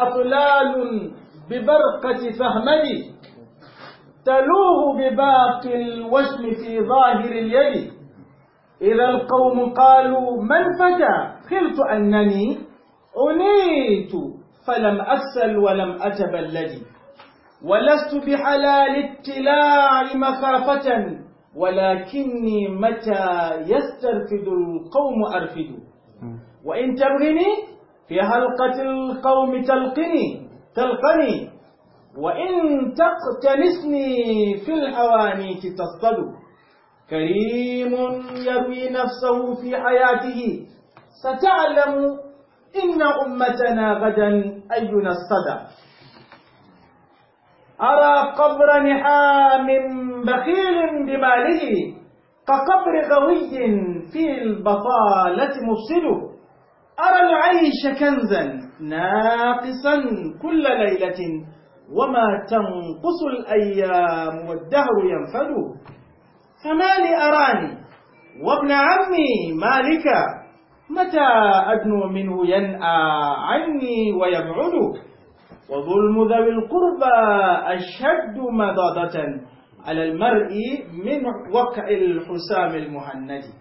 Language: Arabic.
أطلال ببرقة فهمي تلوه بباقي الوشم في ظاهر اليد إذا القوم قالوا من فتى خلت أنني أنيت فلم أسل ولم أتبلد ولست بحلال التلاع مخافة ولكني متى يسترفد القوم أرفد وإن تبغني في حلقة القوم تلقني تلقني وإن تقتنسني في الحوانيت تصطد كريم يروي نفسه في حياته ستعلم إن أمتنا غدا أينا الصدى أرى قبر نحام بخيل بماله كقبر غوي في البطالة مفسده أرى العيش كنزا ناقصا كل ليلة وما تنقص الأيام والدهر ينفد فما لي أراني وابن عمي مالك متى أدنو منه ينأى عني ويبعد وظلم ذوي القربى أشد مضادة على المرء من وقع الحسام المهند